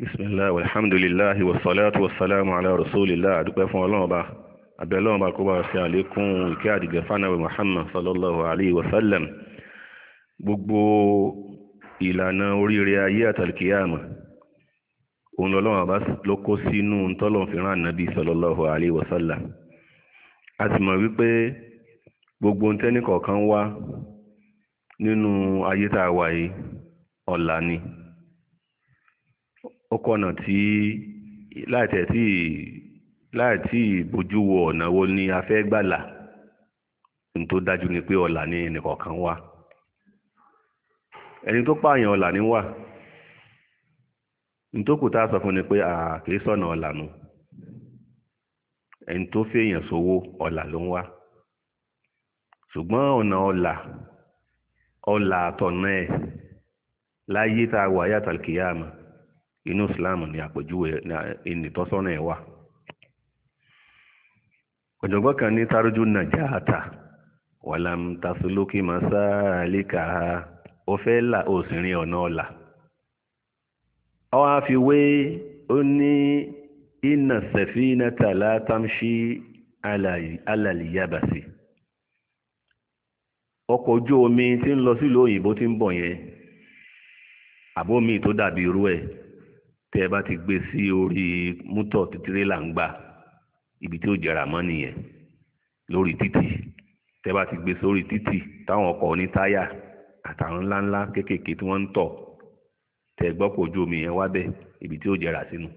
bisimilahi alhamdulilahi wasalatu wasalamu ala rasulillah adúpẹ́ fún ọlọ́ọ̀ba abẹ́lọ́ọ̀ba kó bá ṣe àlékún ìkẹ́ àdìgẹ́ fanabi muhammad sallallahu alayhi wa sallam gbogbo ìlànà oríire ayé àtàlùkìyàmù òun lọ́lọ́wọ́ bá ló kó sínú tọ́lọ̀ fìràn ànábì sallallahu alayhi wa sallam a sì mọ̀ wípé gbogbo tẹ́nìkọ̀ọ̀kan wá nínú ayé tá a wà yìí ọ̀la ni. Wa, ó kọ̀nà tí láìtẹ̀ tí láìtí ìbójú wo ọ̀nà wo ni a fẹ́ gbàlà ní tó dájú ni pé ọ̀là ni ẹnìkọ̀ọ̀kan wà ẹni tó pààyàn ọ̀là ni wà ní tó kù tá a sọ fún ni pé àkìí sọ̀nà ọ̀là nu ẹni tó fèèyàn sówó ọ̀là ló ń wá ṣùgbọ́n ọ̀nà ọ̀là ọ̀là àtọ̀nà ẹ̀ láyé tá a wà yàtàkìyà mọ́ inú islam ni àpèjúwe ìnìtọ́sọ́nà ẹ̀ wà ọ̀jọ̀gbọ́n kan ní tárójú nàjà àtà wàlám tasolókì masáàlíkà ó fẹ́ là ó sì rin ọ̀nà ọ̀la ọwọ́ fi wé ó ní iná sẹ̀fínà tàlá tamṣí alàlìyàbàsì ọkọ̀ ojú omi tí ń lọ sílùú òyìnbó tí ń bọ̀ yẹn àbómi tó dàbí irú ẹ̀ tẹ́ ẹ bá ti gbé sí orí mútọ̀ títílé là ń gbà ibi tí ó jẹrà mọ́ nìyẹn lórí títì tẹ́ ẹ bá ti gbé sórí títì táwọn ọkọ̀ ní táyà àtàwọn ńláńlá kéékèèké tí wọ́n ń tọ̀ tẹ́ ẹ gbọ́kọ̀ ojú omi yẹn wá bẹ̀ ibi tí ó jẹrà sínú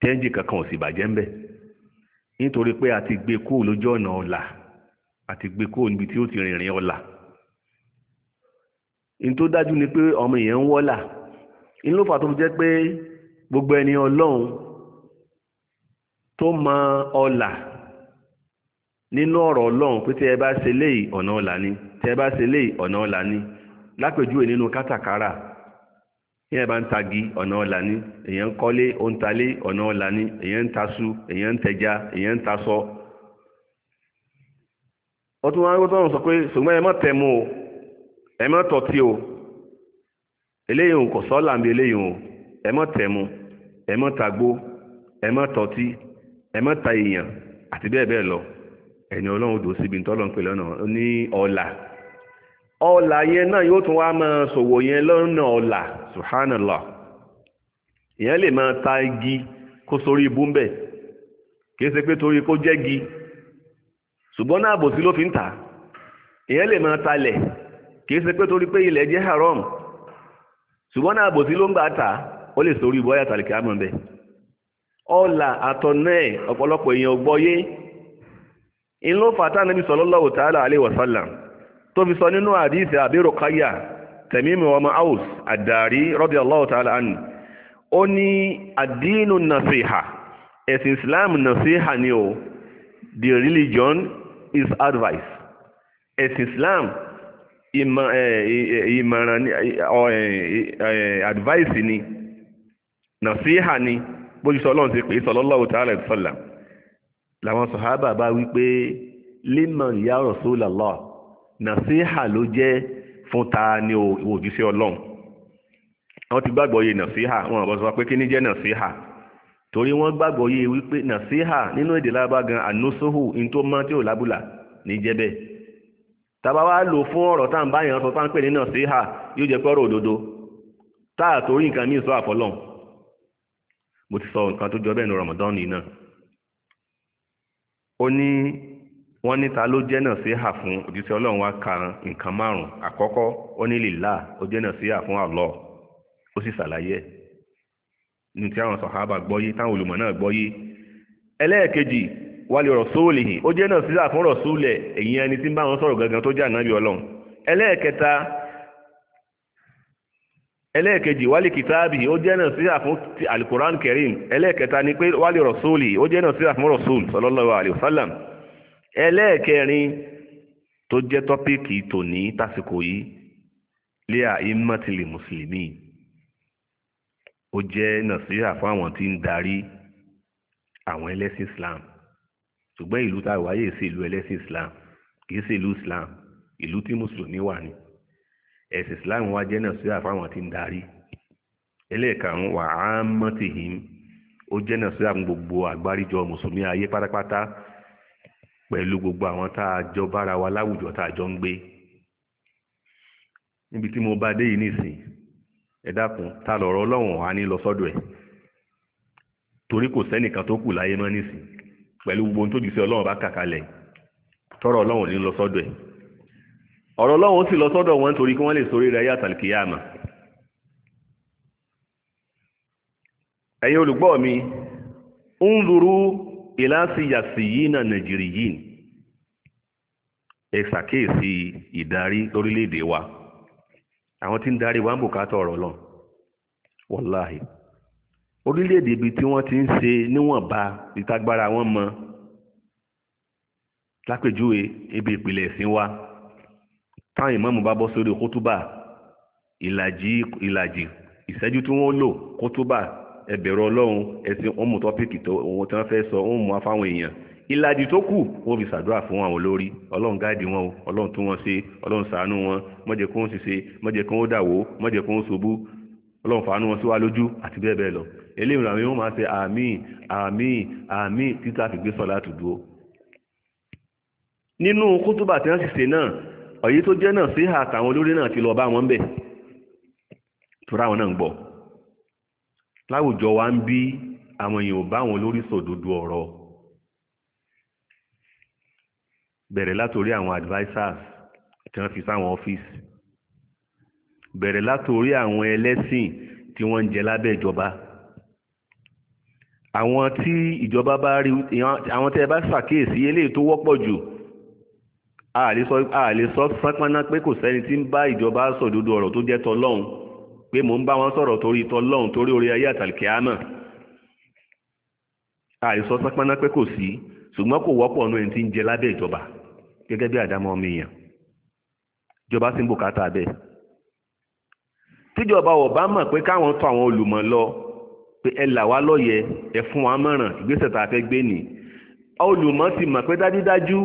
tẹ́ńjì kankan ò sì bàjẹ́ ń nítorí pé a ti gbé kúrò lójú ọ̀nà ọ̀la a ti gbé kúrò níbi tí ó ti rìnrìn ọ̀la ní tó dájú ni pé ọmọ yẹn ń wọ́là inú fà tó fi jẹ́ pé gbogbo ẹni ọlọ́run tó mọ ọlà nínú ọ̀rọ̀ ọlọ́run pé tí ẹ bá ṣe léyìí ọ̀nà ọlà ni tí ẹ bá ṣe léyìí ọ̀nà ọlà ni lápèjúwe nínú kátàkárà yẹn bá ń tagi ọ̀nà ọlà ni èèyàn ń kọ́lé ó ọ̀nà ọlà ni èèyàn ń taṣu èèyàn ń tẹja èèyàn ń taṣọ. ọtún wọn á gbọ́dọ̀ sọ pé ṣùgbọ́n ẹ má tẹ̀ mú o ẹ má tọ̀ tí o eléyìí òun kò sọ́ọ́là ń bi eléyìí òun ẹ má tẹ̀mu ẹ má tagbó ẹ má tọ́tí ẹ má ta èèyàn àti bẹ́ẹ̀ bẹ́ẹ̀ lọ ẹ̀yin ọlọ́run dò síbi tọ́lọ̀ ń pè lọ́nà ní ọ̀la ọ̀la yẹn náà yóò tún wá máa ṣòwò yẹn lọ́nà ọ̀la subhanallah èèyàn lè máa ta igi kó sórí ibú ń bẹ̀ kìí ṣe pé torí kó jẹ́ igi ṣùgbọ́n náà àbòsí ló fi ń tà èèyàn lè máa talẹ̀ kìí ṣe pé torí pé ilẹ̀ jẹ́ haram ṣùgbọ́n náà àbòsí ló ń gbà ta ó lè sórí ìbọn yàtọ̀ àlìkè àmọ́ bẹ́ẹ̀ ọ̀là àtọ̀nà ẹ̀ ọ̀pọ̀lọpọ̀ èèyàn gbọ́yé in ló fàtà níbi sallallahu ta'ala alaihi wasallam tó fi sọ nínú àdíìsì àbí Ruqayya Tamimu ọmọ Aus Ad-Dari radiyallahu ta'ala anhu ó ní ad-dinu nasiha ẹ̀sìn Islam nasiha ni o the religion is advice ẹ̀sìn Islam ìmọ̀ràn advice ni nàṣíhà ni bójúṣọ́ ọlọ́run ti pè é sallallahu ta'ala làwọn sọ̀hábà bá wípé liman ya Rasulullah nàṣíhà ló jẹ́ fún ta ni òjíṣẹ́ ọlọ́run wọ́n ti gbàgbọ́ yé wọn àbọ̀ sọ pé kí jẹ́ torí wọ́n gbàgbọ́ yé wípé nínú èdè lábá gan ní tàbá wá lò fún ọ̀rọ̀ tá à ń bá yẹn sọ tá à sí hà yóò jẹ́ pé ọ̀rọ̀ òdodo tá à torí nǹkan míì sọ àfọlọ́n mo ti sọ nǹkan tó jọ bẹ́ẹ̀ ní Ramadan yìí náà ó ní wọ́n ní ta ló jẹ́ náà sí hà fún òjíṣẹ́ ọlọ́run wá ka nǹkan márùn-ún àkọ́kọ́ ó ní lìlá ó jẹ́ náà sí hà fún Allah ó sì ṣàlàyé ẹ̀ ní ti àwọn sàhábà gbọ́yé táwọn olùmọ̀ náà gbọ́yé ẹlẹ́ẹ̀kejì wálé rọ̀sóòlìhì ó jẹ́ náà sílà fún rọ̀sóòlẹ̀ èyí ẹni tí ń bá wọn sọ̀rọ̀ gangan tó jẹ́ ànábì ọlọ́run ẹlẹ́ẹ̀kẹta ẹlẹ́ẹ̀kejì wálé kìtáàbì ó jẹ́ náà sílà fún alukoran kerim ẹlẹ́ẹ̀kẹta ni pé ó jẹ́ náà sílà fún ẹlẹ́ẹ̀kẹrin tó jẹ́ tòní tásìkò yìí lé mùsùlùmí ó jẹ́ náà sílà fún àwọn tí Islam ṣùgbọ́n ìlú tá a wáyé ṣe ìlú ẹlẹ́sìn islam kì í ìlú islam ìlú tí mùsùlùmí wà ní ẹ̀sìn islam wá jẹ́ náà síra fáwọn tí ń darí ẹlẹ́ẹ̀karùn wà á mọ́tìhìn ó jẹ́ náà síra fún gbogbo àgbáríjọ mùsùlùmí ayé pátápátá pẹ̀lú gbogbo àwọn tá a jọ bára wa láwùjọ tá a jọ ń gbé níbi tí mo bá dé yìí nìsín ẹ dákun ta lọ̀rọ̀ ọlọ́run á ní lọ sọ́dọ̀ ẹ̀ torí kò sẹ́nìkan tó kù láyé mọ́ nísìn pẹ̀lú gbogbo ohun tó jù sí ọlọ́run bá kàkalẹ̀ tọrọ ọlọ́run ní lọ sọ́dọ̀ ẹ̀ ọ̀rọ̀ ọlọ́run sì lọ sọ́dọ̀ wọn torí kí wọ́n lè sórí rẹ̀ yàtàlì kìyàmà ẹ̀yin olùgbọ́ mi ń luru ìlàsíyàsí yìí na nàìjírí yìí ẹ ṣàkíyèsí ìdarí lórílẹ̀-èdè wa àwọn tí ń darí wa ń bùkátà ọ̀rọ̀ ọlọ́run wọ́láhìí orílẹ̀-èdè ibi tí wọ́n ti ń ṣe níwọ̀nba ìtagbára wọn mọ lápèjúwe ibi ìpìlẹ̀ ẹ̀sìn wa táwọn ìmáàmù bá bọ́ sórí kótóbà ìlàjì ìlàjì ìṣẹ́jú tí wọ́n lò kótóbà ẹ̀bẹ̀rẹ̀ ọlọ́run ẹ̀sìn ọmọ tọ́pìkì tó ohun tí wọ́n fẹ́ sọ ohun mọ́ fáwọn èèyàn ìlàjì tó kù wọ́n fi ṣàdúrà fún àwọn olórí ọlọ́run gáàdì wọn o ọlọ́run tún wọn ṣe ọlọ́run ṣàánú wọn má jẹ́ kó ń ṣiṣẹ́ má jẹ́ kó ń dàwó má jẹ́ ṣubú ọlọ́run fàánú wọn sí wa lójú àti bẹ́ẹ̀ bẹ́ẹ̀ lọ eléyìí ràn wọ́n máa ṣe àmín àmín àmín títà fi gbé sọ́lá àtúndúró nínú kútùbà tí wọ́n sì ṣe náà ọ̀yí tó jẹ́ náà sí àtàwọn olórí náà ti lọ bá wọn bẹ̀ tóra wọn náà ń gbọ́ láwùjọ wa ń bí àwọn èèyàn bá wọn lórí sòdodo ọ̀rọ̀ bẹ̀rẹ̀ látòrí àwọn advisers tí wọ́n fi sáwọn ọ́fíìsì bẹ̀rẹ̀ látòrí àwọn ẹlẹ́sìn tí wọ́n ń jẹ lábẹ́ ìjọba àwọn tí ìjọba bá rí àwọn tẹ́ ẹ bá ṣàkíyèsí eléyìí tó wọ́pọ̀ jù a lè sọ sápáná pé kò sẹ́ni tí ń bá ìjọba sọ̀dodo ọ̀rọ̀ tó jẹ́ tọlọ́hun pé mò ń bá wọn sọ̀rọ̀ torí tọlọ́hun torí orí ayé àtàlùkẹ́ àmọ́ a lè sọ sápáná pé kò sí ṣùgbọ́n kò wọ́pọ̀ ọ̀nà ẹni tí ń jẹ lábẹ́ ìjọba gẹ́gẹ́ bí àdámọ́ ọmọ èèyàn ìjọba sì ń bùkátà bẹ́ẹ̀ tíjọba ọba mọ̀ pé káwọn tọ̀ àwọn olùmọ̀ lọ pé ẹ là wá lóye ẹ fún wa mọ̀ràn ìgbésẹ̀ tá a fẹ́ gbé nì olùmọ̀ ti mọ̀ pé dájúdájú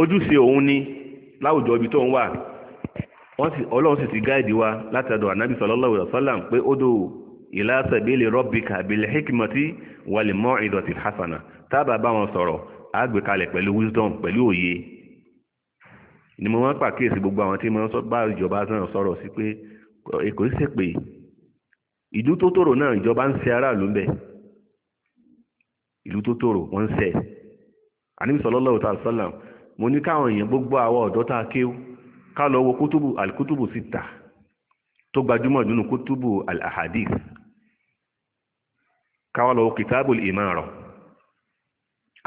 ojúṣe òun ni láwùjọ ibi tó ń wà wọ́n sì ọlọ́run sì ti gáàdì wa láti ọ̀dọ̀ ànábì sallallahu alaihi wasallam pé ó dò ìlà sabili rabbika bil hikmati wal mau'izati hasana tábà bá wọn sọ̀rọ̀ àgbékalẹ̀ pẹ̀lú wisdom pẹ̀lú òye ni mo máa ń pàkíyèsí gbogbo àwọn tí mo bá ìjọba náà sọ̀rọ̀ sí pé èkó ń ṣèpè ìlú tó tòrò náà ìjọba ń ṣe aráàlú ń bẹ ìlú tó tòrò wọ́n ń ṣe àníbi sallallahu ta'ala sallam mo ní káwọn èèyàn gbogbo àwọn ọ̀dọ́ tá a kéwú ká lọ wo kútùbù alkútùbù síta tó gbajúmọ̀ nínú kútùbù alahadith káwọn lọ wo kìtàbù ìmọ̀ràn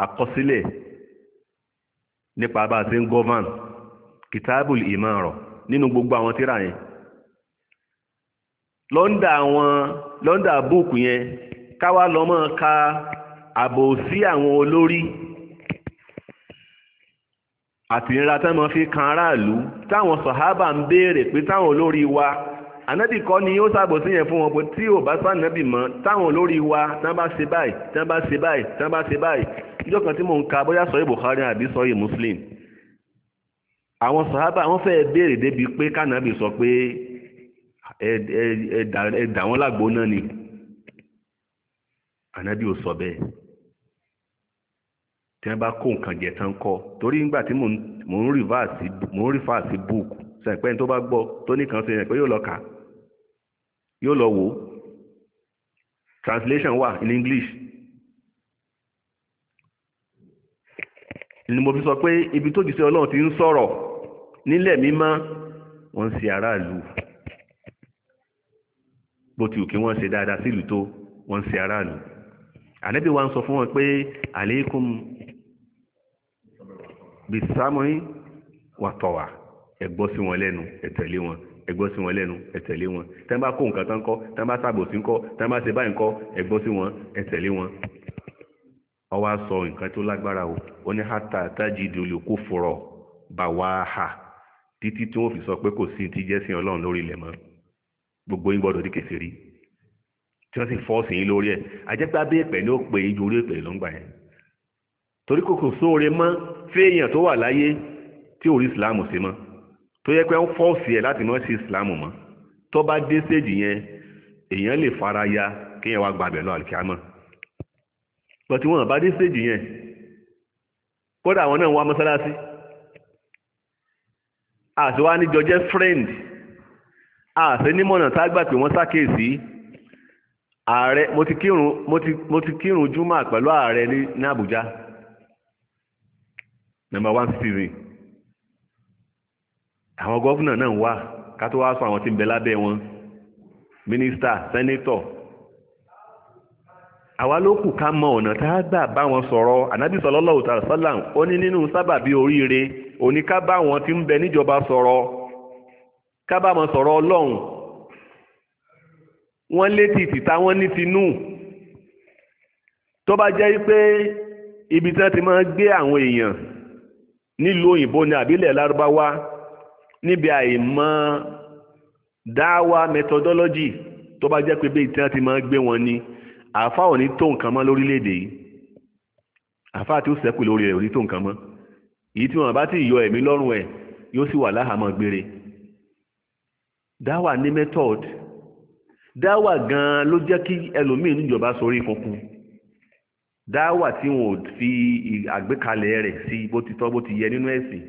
àkọsílẹ̀ nípa bá a ṣe ń gọ́van kìtàbù ìmọ̀ràn nínú gbogbo àwọn tíra yẹn lọ́ndà àwọn lọ́ndà búùkù yẹn káwá lọ́mọ ka àbò sí àwọn olórí àtìlera tá mọ́ fi kan aráàlú táwọn sọ̀hábà ń béèrè pé táwọn olórí wa ànábì kọ́ ni ó sábò sí yẹn fún wọn pé tí ò bá sànábì mọ́ táwọn olórí wa tán bá ṣe báyìí tán bá ṣe báyìí tán bá ṣe báyìí ìjọ́ kan tí mò ń ka bóyá sọ̀rọ̀ Bukhari àbí sọ̀rọ̀ Muslim àwọn sọ̀hábà wọ́n fẹ́ béèrè débi pé kánábì sọ pé ẹ dà wọ́n lágbo náà ni ànábì ò sọ bẹ́ẹ̀ tí wọ́n bá kó nǹkan jẹ tán kọ́ torí nígbà tí mò ń rìfà sí búùkù sẹ̀pẹ́ tó bá gbọ́ tó ní kan sí ẹ̀pẹ́ yóò lọ kà yóò lọ wò translation wà in English ni mo fi sọ pé ibi tó jù sí Ọlọ́run ti ń sọ̀rọ̀ nílẹ̀ mímọ́ wọ́n ń ṣe aráàlú bó ti òkè wọ́n ṣe dáadáa sílùú tó wọ́n ṣe aráàlú ànábì wa ń sọ fún wọn pé àléékùn bisámọ́yìn wà tọ̀wà ẹ̀gbọ́ sí wọn lẹ́nu ẹ̀tẹ̀lé wọn ẹ̀gbọ́ sí wọn lẹ́nu ẹ̀tẹ̀lé wọn tẹ́ bá kó nǹkan tán kọ́ tẹ́ bá ṣàbòsí ńkọ́ tẹ́ bá ṣe báyìí ńkọ́ ẹ̀gbọ́ sí wọn ẹ̀tẹ̀lé wọn ó wá sọ nǹkan tó lágbára o ó ní hátà tájídì olùkó fọ̀rọ̀ bá wá hà títí tí wọ́n fi sọ pé kò sí ti jẹ́sìn ọlọ́run lórí ilẹ̀ mọ́ gbogbo yín gbọ́dọ̀ di kèfèrí tí wọ́n sì fọ́ọ̀sì yín lórí ẹ̀ àjẹpá bí èpè ní ó pè é ju orí èpè ló ń gbà yẹn torí kò kò sóore mọ́ fẹ́ẹ̀yàn tó wà láyé tí ò rí ìsìláàmù sí mọ́ tó yẹ pé ń fọ́ọ̀sì ẹ̀ láti mọ́ sí ìsìláàmù mọ́ tó bá dé séèjì yẹn èèyàn lè fara ya kéèyàn wá gbàgbẹ́ lọ àlùkìámọ́ pọ̀tí wọn bá dé séèjì yẹn kódà àwọn náà wá mọ́sálásí àti wá níjọ jẹ́ friend a nímọ̀nà tágbà pé wọ́n ṣàkíyèsí ààrẹ mo ti kírun mo júmọ̀ pẹ̀lú ààrẹ ní Àbújá number one àwọn gọ́vùnà náà wà wá wá sọ àwọn tí ń bẹ lábẹ́ wọn mínísítà sẹ́nétọ̀ àwa ló kù ká mọ ọ̀nà tá a gbà bá wọn sọ̀rọ̀ ń bẹ níjọba kábàámọ̀ sọ̀rọ̀ ọlọ́run wọ́n létí tìta wọ́n ní tinú tó bá jẹ́ pé ibi tí wọ́n ti máa gbé àwọn èèyàn nílùú òyìnbó ni àbílẹ̀ lárúbáwá níbi àìmọ̀ dáwà methodology tó bá jẹ́ pé bí tí wọ́n ti máa gbé wọn ni àáfà ò ní tó nǹkan mọ́ lórílẹ̀‐èdè yìí àáfà tí ó sẹ́kù lórí rẹ̀ ò ní tó nǹkan mọ́ èyí tí wọ́n bá ti yọ ẹ̀mí lọ́rùn ẹ̀ yóò sì wà láhàámọ́ gbére dáwà ní method dáwà gan-an ló jẹ́ kí ẹlòmíín níjọba sórí kunkun dáwà tí wọn ò fi àgbékalẹ̀ rẹ̀ sí bó ti tọ́ bó ti yẹ nínú ẹ̀sìn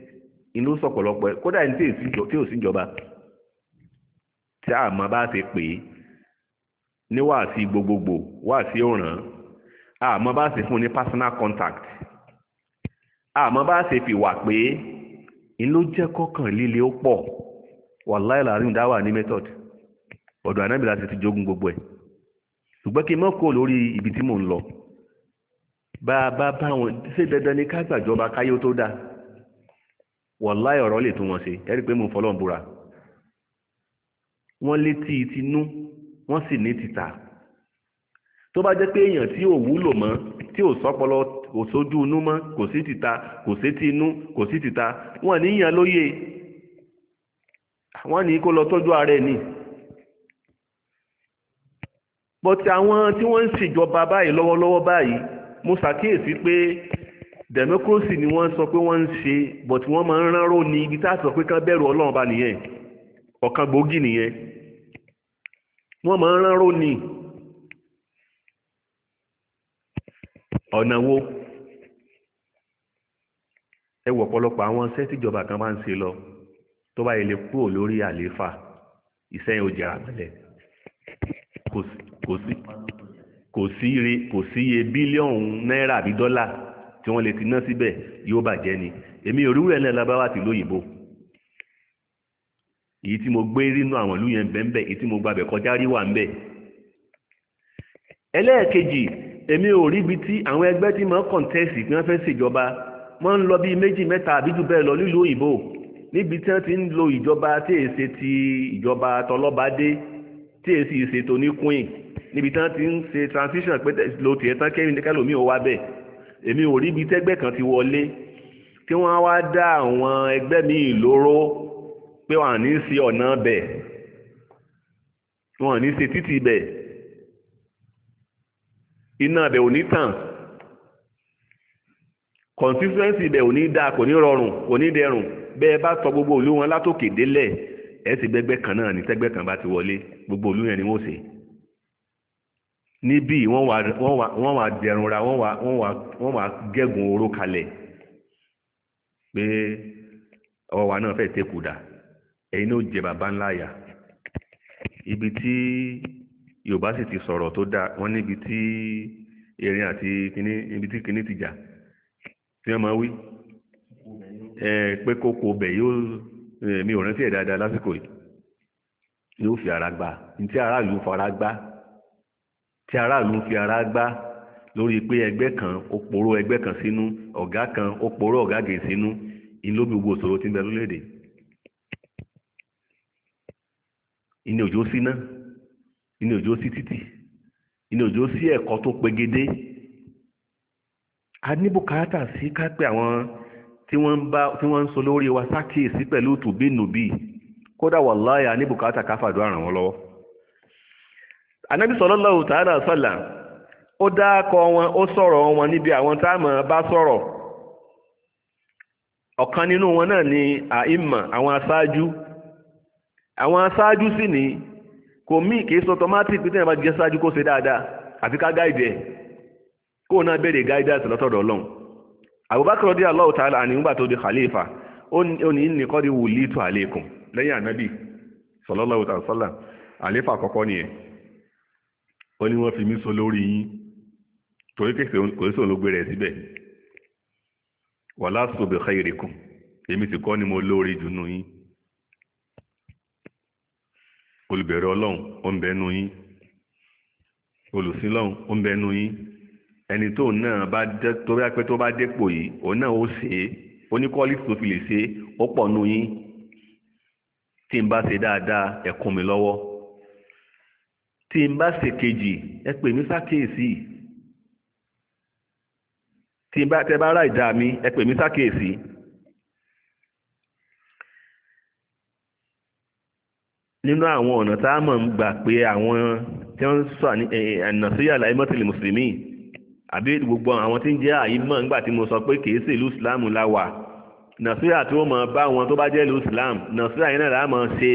inú sọ̀pọ̀lọpọ̀ ẹ̀ kódà ní tí ò síjọba tí a mọ̀ bá ti pè é ní wàásí gbogbogbò wàásí òràn a mọ̀ bá ti fún ní personal contact a mọ̀ bá ti fìwà pé inú jẹ́ kọ́kàn líle ó pọ̀ wàláì làárín dáwà ní method ọ̀dọ̀ ànábì láti ti jogún gbogbo ẹ̀ ṣùgbọ́n kí n mọ́ kó lórí ibi tí mò ń lọ bá a bá bá wọn ṣe dandan ni ká gbàjọba káyé tó dáa wàláì ọ̀rọ̀ lè tún wọn ṣe ẹ rí i pé mo fọlọ́n búra wọ́n létí tinú wọ́n sì ní títà tó bá jẹ́ pé èèyàn tí ò wúlò mọ́ tí ò sọ́pọlọ kò sójú inú mọ́ kò sí títà kò sí tinú kò sí títà wọ́n níyàn lóye wọ́n ní kó lọ tọ́jú ààrẹ ni but àwọn tí wọ́n ń ṣèjọba báyìí lọ́wọ́lọ́wọ́ báyìí mo ṣàkíyèsí pé democracy ni wọ́n sọ pé wọ́n ń ṣe but wọ́n máa ń ránró ní ibi tá a sọ pé kán bẹ̀rù ọlọ́run bá nìyẹn ọ̀kan gbòógì nìyẹn wọ́n máa ń ránró ní ọ̀nà wo ẹ wọ̀ ọ̀pọ̀lọpọ̀ àwọn iṣẹ́ tíjọba kan máa ń ṣe lọ tó bá yẹ lè kúrò lórí àlééfà iṣẹ́ yẹn ò jẹ́ àmọ́lẹ̀ kò sí ire kò sí iye bílíọ̀nù náírà àbí dọ́là tí wọ́n lè ti ná síbẹ̀ yóò bàjẹ́ ni èmi òrùwẹ̀ náà lábáwá ti lóyìnbó èyí tí mo gbé rínú àwọn ìlú yẹn bẹ́ẹ̀ èyí tí mo gbàbẹ̀ kọjá rí wà ń bẹ̀. ẹlẹ́ẹ̀kejì èmi ò ríbi tí àwọn ẹgbẹ́ tí mo ń kọ̀ǹtẹ́sì tí wọ́n fẹ́ ṣèjọba wọ́n ń lọ bíi méjì mẹ́ta àbí jù bẹ́ẹ̀ lọ nílùú òyìnbó níbi tí wọ́n ti ń lo ìjọba tí èyí ṣe ti ìjọba tọlọ́badé tí èyí sì ṣe tó ní queen níbi tí wọ́n ti ń ṣe transition pé lo tiẹ̀ tán kẹ́rin kẹ́lòmíì ó wá bẹ̀ èmi ò rí ibi tẹ́gbẹ́ kan ti wọlé tí wọ́n wá dá àwọn ẹgbẹ́ míì lóró pé wọ́n ní sí ọ̀nà bẹ̀ wọ́n ní sí títì bẹ̀ iná bẹ̀ ò ní tàn constituency bẹ̀ ò ní dáa kò ní rọrùn kò ní dẹrùn bẹ́ẹ̀ bá tọ gbogbo ìlú wọn látòkè délẹ̀ ẹ ti gbẹgbẹ́ kan náà ní tẹ́gbẹ́ kan bá ti wọlé gbogbo ìlú yẹn ni wọ́n ṣe níbí wọ́n wà dẹrùnra wọ́n wà gẹ́gùn oró kalẹ̀ pé ọwọ́ wa náà fẹ́ tẹ́kù dà ẹ̀yin náà jẹ bàbá ńlá yà ibi tí Yorùbá sì ti sọ̀rọ̀ tó dáa wọ́n níbi tí erin àti kíní ibi tí kíní ti jà tí wọ́n máa wí pé kókó bẹ̀ yóò mi ò rántí ẹ̀ dáadáa lásìkò yìí yóò fi ara gbá tí aráàlú fara gbá tí aráàlú fi ara gbá lórí pé ẹgbẹ́ kan ó poró ẹgbẹ́ kan sínú ọ̀gá kan ó poró ọ̀gá gè sínú ìlú gbogbo òṣòro tí ń bẹ lórílẹ̀‐èdè ìní òjò síná ìní òjò sí títì ìní òjò sí ẹ̀kọ́ tó pegedé a ní bùkátà sí ká pé àwọn tí wọ́n ń so wa sákèsí pẹ̀lú tùbínùbí kódà láyà ní bukata káfàdó àràn wọn lọ́wọ́ anábì sallallahu ta'ala sallam ó dákọ wọn ó sọ̀rọ̀ wọn níbi àwọn táàmù bá sọ̀rọ̀ ọ̀kan nínú wọn náà ni àìmà àwọn àwọn sì ni kò mí kì í sọ bá jẹ́ kó dáadáa àti Abubakar rọ́dí Allahu ta'ala àní nígbà tó di khalifa ó ní ní kọ́ di wùlí tó àlékún lẹ́yìn ànábì sallallahu ta'ala sallam àléfà àkọ́kọ́ nìyẹn ó ní wọ́n fi mí so lórí yín torí kéèké kò ló gbé síbẹ̀ wala su bi èmi sì kọ́ ni mo lórí dùnú yín olùbẹ̀rẹ̀ ọlọ́run ó ń bẹ́nu yín olùsìn ó ń bẹ́nu yín ẹni tó náà bá dé tó bá pẹ́ tó bá dépò yìí òun náà ó ṣe é oníkọ́lìtì tó fi lè ṣe é ó pọ̀ nù yín tí n bá ṣe dáadáa ẹ kún mi lọ́wọ́ tí n bá ṣe kejì ẹ pè mí sákèésì tí n bá tẹ bá ra ìdá mi ẹ pè mí sákèésì. nínú àwọn ọ̀nà tá a mọ̀ ń gbà pé àwọn tí wọ́n ń sọ àná sí àlàyé mọ́tìlì mùsùlùmí àbí gbogbo àwọn tí ń jẹ́ àyímọ̀ nígbà tí mo sọ pé kìí ṣe ìlú islam la wà nàṣírà tí ó mọ̀ bá wọn tó bá jẹ́ ìlú islam nàṣírà yẹn náà láàmọ̀ ṣe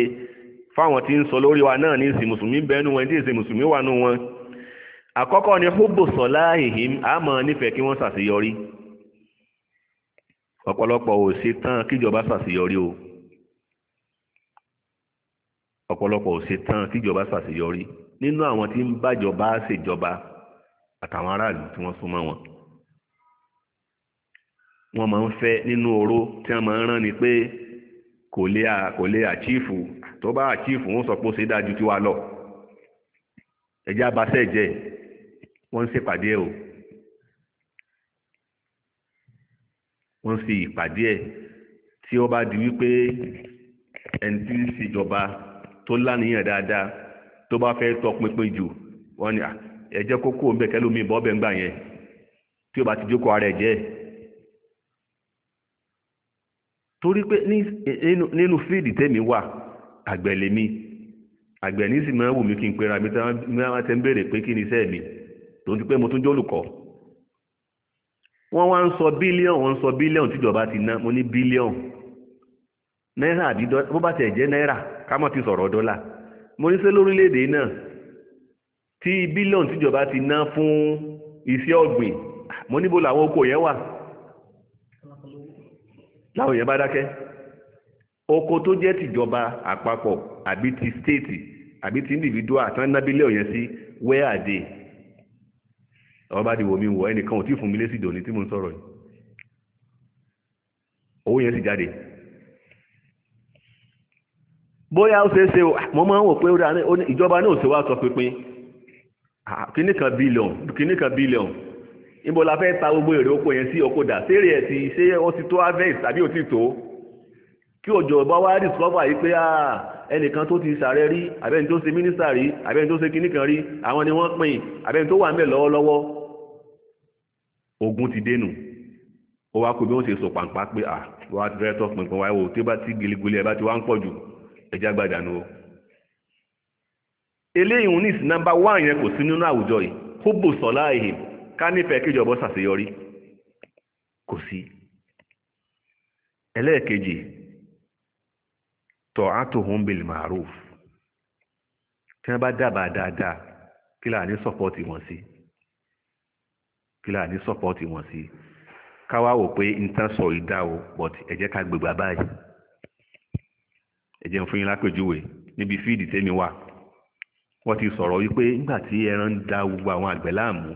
fáwọn tí ń sọ lórí wa náà ní ìsìn mùsùlùmí bẹ́nu wọn tí ìsìn mùsùlùmí wà nù wọn àkọ́kọ́ ni húbù sọ̀lá ìhìn àmọ́ nífẹ̀ẹ́ kí wọ́n ṣàṣeyọrí ọ̀pọ̀lọpọ̀ ò ṣe tán kíjọba ṣàṣeyọrí o ọ̀pọ̀lọpọ̀ ò ṣe tán kíjọba ṣàṣeyọrí nínú àwọn tí ń bájọba ṣèjọba àtàwọn aráàlú tí wọ́n súnmọ́ wọn wọ́n máa ń fẹ́ nínú oró tí wọ́n máa ń rán ni pé kò lè kò lè àchífù tó bá àchífù wọ́n sọ pé ó ṣe dájú tiwa lọ ẹ̀jẹ̀ abasẹ́ jẹ́ wọ́n ń ṣèpàdé o wọ́n ń ṣe ìpàdé ẹ̀ tí ó bá di wípé ẹni tí ń ṣèjọba tó láníyàn dáadáa tó bá fẹ́ tọpinpin jù wọ́n ní à ẹ̀jẹ̀ kókó ń bẹ̀ kẹ́lómi bọ́ bẹ́ẹ̀ ń gbà yẹn tí ó bá ti jókòó ara ẹ̀ jẹ́ torí pé nínú fíìdì tẹ́mi wà àgbẹ̀ lèmi àgbẹ̀ ní máa ń wù mí kí n pera mi tí wọ́n ti ń béèrè pé kí ni iṣẹ́ mi tó ń ti pé mo tún jólùkọ́ wọ́n wá ń sọ bílíọ̀nù wọ́n ń sọ bílíọ̀nù tíjọba ti ná mo ní bílíọ̀nù náírà àbí bó bá tẹ̀ jẹ́ náírà ká mọ̀ ti sọ̀rọ̀ dọ́là mo ní ṣé lórílẹ̀‐èdè náà tí bílíọ̀nù tíjọba ti ná fún iṣẹ́ ọ̀gbìn mo níbo làwọn oko yẹn wà láwọn èèyàn bá dákẹ́ oko tó jẹ́ tìjọba àpapọ̀ àbí ti stéètì àbí ti individual àtàn ná bílíọ̀nù yẹn sí where are they àwọn bá di wò mí wọ ẹnìkan ò tí fún mi lésì dòní tí mo ń sọ̀rọ̀ yìí owó yẹn sì jáde bóyá ó ṣeé ṣe mo máa ń wò pé ìjọba náà ò ṣe wá sọ pínpín kíní kan bílíọ̀n kíní kan bílíọ̀n níbo la fẹ́ ta gbogbo èrè oko yẹn sí oko dà sérè ẹ̀ ti ṣé ó ti tó harvest àbí ó ti tó kí òjò bá wá discover yìí pé ah, ẹnìkan tó ti sàrẹ rí àbẹ́ni tó ṣe mínísítà rí àbẹ́ni tó ṣe kíní kan rí àwọn ni wọ́n pín àbẹ́ni tó wà ń bẹ̀ lọ́wọ́lọ́wọ́ ogun ti dénú ó wá kó bí wọ́n ṣe sọ pàǹpá pé à wọ́n á ti fẹ́ tọ́ pinpin wáyé wò tí gílígílí ẹ bá ti wá ń pọ̀ jù ẹjá o eléyìí wọn ní ìsìn nọ́mbà wán yẹn kò sí nínú àwùjọ yìí kó bò sọ̀lá ìhìn ká nífẹ̀ẹ́ kíjọba ṣàṣeyọrí kò sí ẹlẹ́ẹ̀kejì tọ̀ átòhún bil ma'ruf tí wọ́n bá dábàá dáadáa kí láà ní sọ́pọ́ọ̀tì wọn sí kí láà ní sọ́pọ́ọ̀tì wọn sí káwá wò pé nǹkan sọ ìdá o but ẹ jẹ́ ká gbègbà báyìí ẹ jẹ́ fún yín lápèjúwe níbi fíìdì tẹ́mi wà wọ́n ti sọ̀rọ̀ wípé nígbà tí ẹran ń da gbogbo àwọn àgbẹ̀ láàmú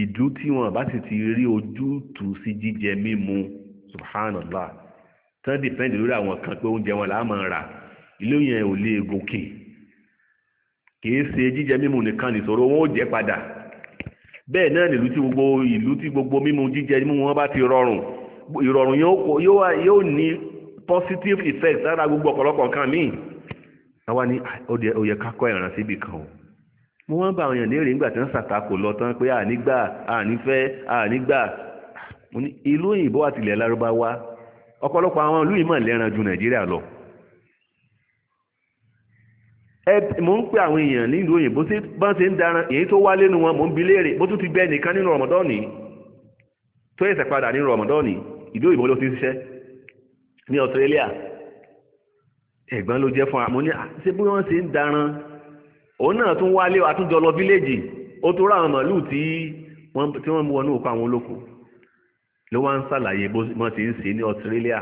ìdú tí wọn bá sì ti rí ojútùú sí jíjẹ mímu subhanallah tán dìpẹ́ndì lórí àwọn kan pé oúnjẹ wọn làá máa rà ilé yẹn ò lè gòkè kìí ṣe jíjẹ mímu nìkan nìṣòro wọn ò jẹ padà bẹ́ẹ̀ náà nílùú tí gbogbo ìlú tí gbogbo mímu jíjẹ mímu wọn bá ti rọrùn ìrọ̀rùn yóò ní positive effect lára gbogbo ọ̀pọ̀lọpọ̀ nǹkan míì àwa ní òye ah, kákọ́ ìran síbì kan o mo wọ́n bá àwọn èèyàn léèrè nígbà tí wọ́n ṣàtakò lọ tán pé ànígbà ànífẹ́ ànígbà ìlú òyìnbó àtìlẹ̀ lárúbáwá ọ̀pọ̀lọpọ̀ àwọn ìlú yìí mọ̀ lẹ́ran ju nàìjíríà lọ mo ń pè àwọn èèyàn nílùú òyìnbó tí bọ́n ṣe ń daran èyí tó wá wọn mo ń bi léèrè mo tún ti bẹ́ nìkan nínú rọmọdọ́ọ̀nì tó yẹ̀sẹ̀ padà nínú ìlú òyìnbó ló ti ní ẹ̀gbọ́n ló jẹ́ fún àmọ́ ní ṣé bí wọ́n ṣe ń daran òun náà tún wálé àtúnjọ lọ fíléèjì ó tó ra àwọn màálù tí wọ́n mú wọnú òkú àwọn olóko ló wá ń ṣàlàyé bó wọ́n ti ń ṣe ní Australia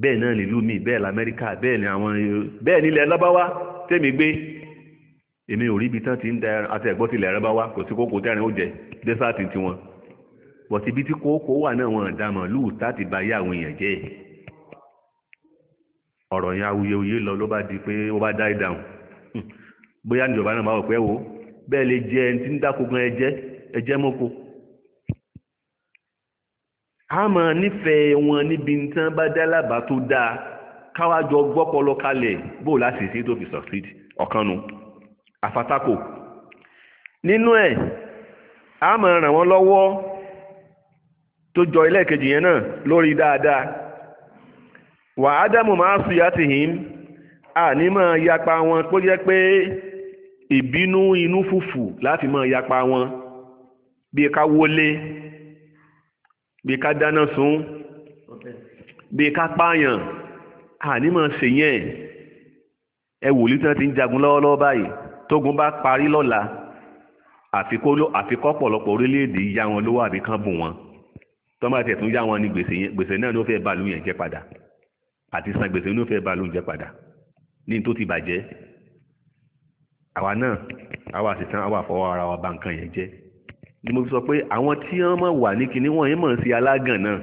bẹ́ẹ̀ náà nílùú mi bẹ́ẹ̀ lamẹ́ríkà bẹ́ẹ̀ ni àwọn bẹ́ẹ̀ nílẹ̀ lọ́báwá tẹ́mi gbé èmi ò rí ibi tán ti ń da àti ẹ̀gbọ́n tilẹ̀ lọ́báwá kò sí kókó tẹ́rin ó jẹ dẹ́sáàtì tiwọn bọ̀tí ibi tí kókó wà náà wọ́n dá màálù láti bá yá àwọn èèyàn jẹ́ ọ̀rọ̀ yẹn awuyewuye lọ ló bá di pé ó bá dá ìdáhùn hmm. bóyá níjọba náà máa wọ̀ pé wo bẹ́ẹ̀ lè jẹ ẹni tí ń dáko gan ẹjẹ́ ẹjẹ́ mọ́ko a máa nífẹ̀ẹ́ wọn níbi tán bá dá lábàá tó dáa káwájọ gbọ́pọlọ kalẹ̀ bó láti ṣe tó fi succeed ọ̀kan nu àfatákò nínú ẹ̀ a máa ràn wọ́n lọ́wọ́ tó jọ ẹlẹ́ẹ̀kejì yẹn náà lórí dáadáa wà ádámù máa sùn yàtì hìn àní máa yapa wọn pé jẹ́ pé ìbínú inú fùfù láti máa yapa wọn bí ká wọlé bí ká dáná sun bí ká pààyàn àní máa ṣe yẹn ẹ wòlíì tí wọ́n ti ń jagun lọ́wọ́lọ́wọ́ báyìí tógun bá parí lọ́la àfikọ́ ọ̀pọ̀lọpọ̀ orílẹ̀-èdè yá wọn lówó àbí kán bù wọn tó máa tẹ̀ tún yá wọn ní gbèsè yẹn gbèsè náà ló fẹ́ bá lóun yẹn jẹ́ padà àti san gbèsè ló fẹ́ bá lóun jẹ́ padà ní tó ti bàjẹ́ àwa náà àwa àṣetán àwa àfọwọ́ ara wa bà nǹkan yẹn jẹ́ ni mo fi sọ pé àwọn tí wọ́n mọ̀ wà ní kinní wọ̀nyí mọ̀ sí alágàn náà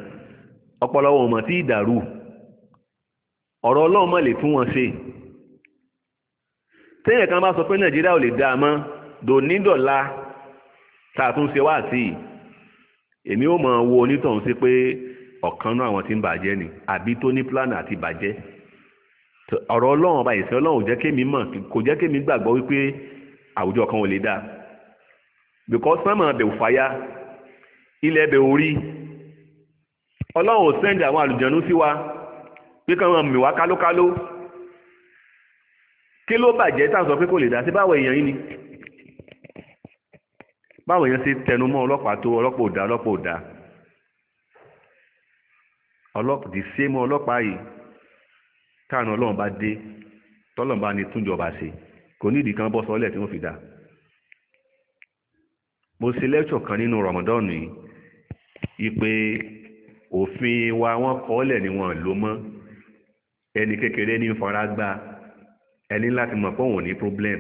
ọpọlọ wọn mọ̀ tí ìdàrú ọ̀rọ̀ ọlọ́run mọ̀ lè fún wọn ṣe téèyàn kan bá sọ pé nàìjíríà ò lè dáa mọ́ dònídọ̀la tààtúnṣe wá sí èmi ò mọ̀ wo onítọ̀hún sí pé ọ̀kan náà àwọn tí ń bàjẹ́ ni àbí tó ní plan àti bàjẹ́ ọ̀rọ̀ ọlọ́run ọba ìsìn ọlọ́run jẹ́ kémi mọ̀ kò jẹ́ kémi gbàgbọ́ wípé àwùjọ kan ò lè dáa because sánmà bẹ̀ ò fàyà ilẹ̀ bẹ̀ ò rí ọlọ́run ò sẹ́ndì àwọn àlùjànnú sí wa pé kí wọ́n mìwá kálókáló kí ló bàjẹ́ táwọn sọ pé kò lè dáa sí báwo èèyàn yìí ni báwo yẹn ṣe tẹnu mọ́ ọlọ́pàá tó ọlọ́pàá ò dá ọlọ́pàá ò dá ọlọ́pàá ti ṣe mọ́ ọlọ́pàá yìí táwọn ọlọ́run bá dé tọ́lọ́run bá ní túnjọba ṣe kò ní ìdí kan bọ́ sọ́lẹ̀ tí wọ́n fi dá mo ṣe lẹ́tọ̀ kan nínú Ramadan yìí ipe òfin wa wọ́n kọ́lẹ̀ ni wọ́n lò mọ́ ẹni kékeré ní faragbá ẹni láti mọ̀ pé òun ní problem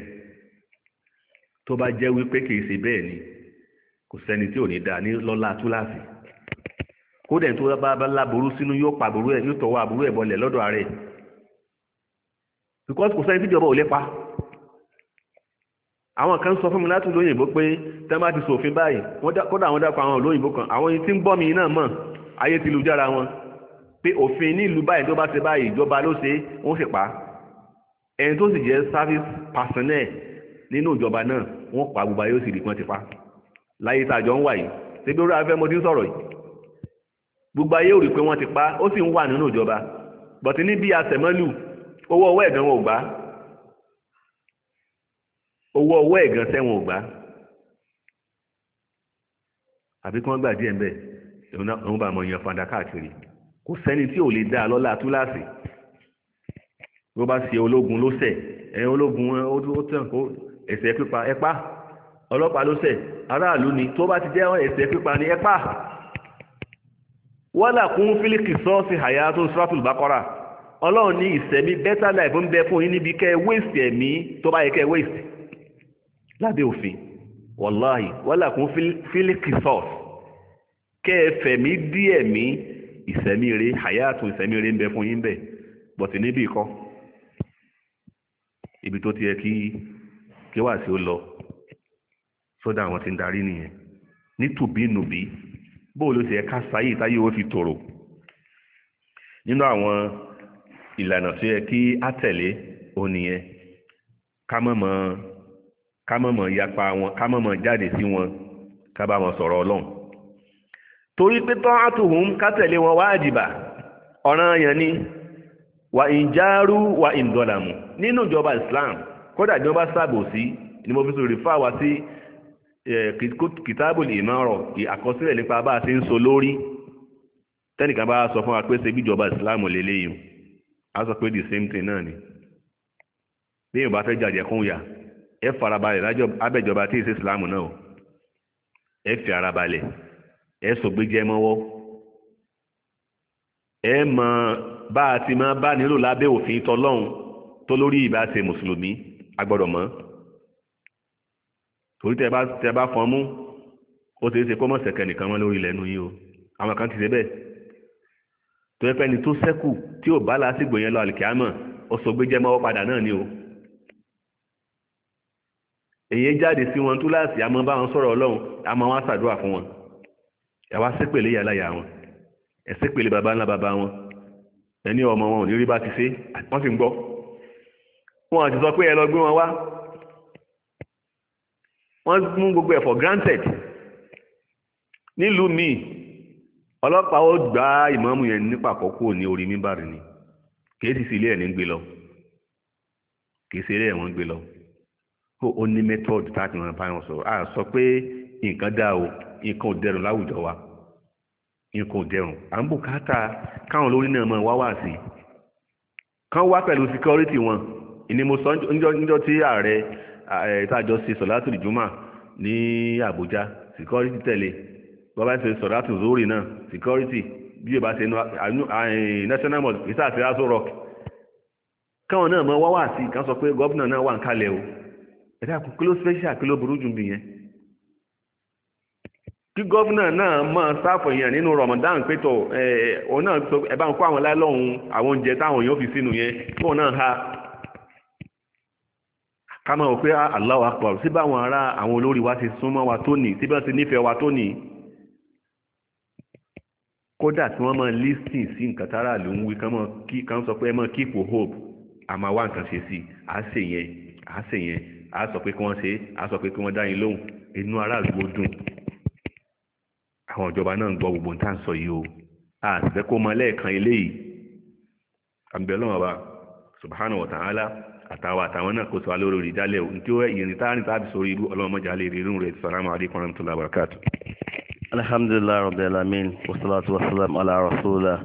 tó bá jẹ́ wípé kìí ṣe bẹ́ẹ̀ ni kò sẹ́ni tí ò ní dáa ní lọ́lá túláàsì kódà tó bá bá láború sínú yóò pa àbúrú ẹ̀ yóò tọwọ́ àbúrú ẹ̀ bọlẹ̀ lọ́dọ̀ ààrẹ because kò sẹ́ni tíjọba ò lè pa àwọn kan sọ fún mi láti lóyìnbó pé tẹ́ bá ti ṣòfin báyìí kódà àwọn dákọ̀ àwọn olóyìnbó kan àwọn tí ń gbọ́ mi náà mọ̀ ayé ti lu jára wọn pé òfin ní ìlú báyìí tó bá ṣe báyìí ìjọba ló ṣe wọ́n sì pa ẹni tó sì jẹ́ service personnel nínú ìjọba náà wọ́n pa gbogbo ayé ó sì rí pọ́n ti pa láyé tàjọ ń wà yìí ṣebí orí afẹ́ mo ti ń sọ̀rọ̀ yìí gbogbo ayé ò rí pé wọ́n ti pa ó sì ń wà nínú ìjọba bọ̀tí ní bí asẹ̀mọ́lù owó ọwọ́ ẹ̀gàn wọn ò gbà owó ọwọ́ ẹ̀gàn sẹ́wọ̀n ò gbà àbí kí wọ́n gbà díẹ̀ ń bẹ̀ òun bá mọ̀ yan fanda káàkiri kò sẹ́ni tí ò lè dá a lọ́lá túláàsì bó bá ṣe ológun ló ṣẹ̀ ẹ̀yin ológun ó tàn kó ẹ̀ṣẹ̀ pípa ẹ̀pá ọlọ́pàá ló ṣẹ̀ aráàlú ni tó bá ti jẹ́ ẹ̀ṣẹ̀ pípa ni ẹ pa wọ́là kún fílíkì sọ́ọ̀sì àyà tó sọ́ọ̀tù bákọ́ra ọlọ́run ní ìsẹ̀mí better life ń bẹ fún yín níbi kẹ́ ẹ waste ẹ̀mí tó bá yẹ kẹ́ ẹ waste lábẹ́ òfin wàláhì wọ́là kún fílíkì sọ́ọ̀sì kẹ́ ẹ fẹ̀mí dí ẹ̀mí ìsẹ̀mí rẹ àyà tó ìsẹ̀mí rẹ ń bẹ fún yín bẹ̀ bọ̀tì níbì kọ́ ibi tó ti yẹ kí kí wàásù lọ sọ́dọ̀ àwọn tí ń darí nìyẹn nítùbínùbí bóò ló ti ẹ̀ka sáyé táyé ó fi tòrò nínú àwọn ìlànà tó yẹ kí á tẹ̀lé ònìyẹn ká mọ̀mọ̀ yapa wọn ká mọ̀mọ̀ jáde sí wọn ká bá wọn sọ̀rọ̀ ọlọ́run torí pé tán àtùhùn ká tẹ̀lé wọn wájìbà ọ̀ràn yẹn ni wà ìjárú wà ìdọ̀làmù nínú ìjọba Islam kódà ìjọba ṣàbòsí ni mo fi sọ rìfáwà sí kìtàbùlì ìmọ̀rọ̀ àkọsílẹ̀ nípa bá a ṣe ń so lórí tẹ́nìkan bá sọ fún wa pé ṣe bíjọba ìsìláàmù lélẹ́yìn a sọ pé the same thing náà ni bí yorùbá fẹ́ jàjẹ́ kún yà ẹ farabalẹ̀ lájọ abẹ́jọba tí ì ṣe ìsìláàmù náà o ẹ fi ara balẹ̀ ẹ sògbéjẹ mọ́wọ́ ẹ mọ bá a ti máa bá nílò lábẹ́ òfin tọlọ́hun tó lórí ìbá ṣe mùsùlùmí agbọ́dọ̀ mọ́ torí tẹ bá tẹ bá fọn mú ó ti ṣe kọ́mọ̀ sẹ̀kẹ̀ nìkan mọ́ lórí ilẹ̀ nu yìí o àwọn kan ti ṣe bẹ́ẹ̀ tó yẹ pé ẹni tó sẹ́kù tí ò bá lásìgbò yẹn lọ àlìkíámọ̀ ó sọ gbé jẹ́ mọ́wọ́ padà náà ni o èyí jáde sí wọn túláàsì àmọ́ bá wọn sọ̀rọ̀ ọlọ́run àmọ́ wọn ṣàdúrà fún wọn ẹ̀wá ṣépèlé yàrá yà wọn ẹ̀ ṣépèlé baba ńlá baba wọn ẹni ọmọ wọn ò ní rí bá ti ṣe wọ́n sì ń gbọ́ wọn àti sọ pé ẹ lọ gbé wọn wá wọ́n mú gbogbo ẹ̀ granted nílùú míì ọlọ́pàá ó gbá ìmáàmù yẹn nípa àkọ́kọ́ ní orí mímbàrì ni kìí sì sí ilé ẹ̀ ní gbé lọ kìí sí ẹ̀ wọ́n gbé lọ kó o ní method táàtì wọn bá wọn sọ̀rọ̀ a sọ pé nǹkan dá o nǹkan ò dẹrùn láwùjọ wa nǹkan ò dẹrùn à ń bùkátà káwọn lórí náà máa wá wá sí i kán wá pẹ̀lú security wọn ìní mo sọ níjọ́ tí ààrẹ ìtàjọ ṣe sọ̀látù ìjùmọ̀ ní Àbújá security tẹ̀lé bọ́bá ṣe sọ̀látù zórí náà security bí national mosque ìtàṣe aso rock káwọn náà mọ wáwá sí kan sọ pé gọ́vùnà náà wà ń o ẹ̀dá kò kí special kí burú jù bí yẹn kí gọ́vùnà náà máa sáfọ̀ yẹn nínú Ramadan pétọ̀ ẹ̀ náà bá ń kó àwọn láìlọ́hún àwọn oúnjẹ táwọn ha Kama máa wò pé ah, Allahu Akbar síbá àwọn ará àwọn olórí wa ti súnmọ́ wa tó nì síbẹ̀ ti nífẹ̀ẹ́ wa tó nì kódà tí wọ́n máa lísìn sí nǹkan tára ló ń wí kán sọ pé ẹ máa keep hope àmà wá nǹkan ṣe sí à á ṣe yẹn à á ṣe yẹn à á sọ pé kí wọ́n ṣe à á sọ pé kí wọ́n dá yín lóhùn inú aráàlú ó dùn àwọn ìjọba náà ń gbọ́ gbogbo nǹkan sọ yìí o a sì fẹ́ kó mọ lẹ́ẹ̀kan eléyìí àbẹ̀lọ́wọ̀n subhanahu wa ta'ala àtàwọn àtàwọn náà kò sọ alóró rí dálẹ̀ ohun tí ó ìrìn táàrin tàbí sórí ibú ọlọ́mọjà lè rí irun rẹ̀ sàlámù alaykum warahmatullahi wabarakatuh. alhamdulilayi rabbil alamin wasalaatu wasalaam ala rasulillah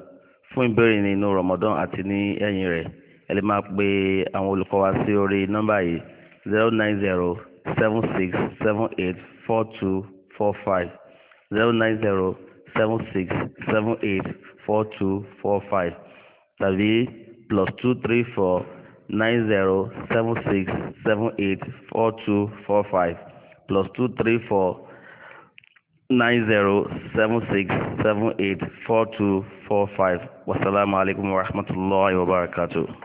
fún ìbéèrè ní inú ramadan àti ní ẹ̀yìn rẹ̀ ẹ lè máa pe àwọn olùkọ́ wa sí orí nọ́mbà yìí zero nine zero seven six seven eight four two four five zero nine zero seven six seven eight four two four five tàbí plus two three four. nine zero seven six seven eight four two four five plus two three four nine zero seven six seven eight four two four five wasalaamualeykum wa rahmatulahi wa barakatu.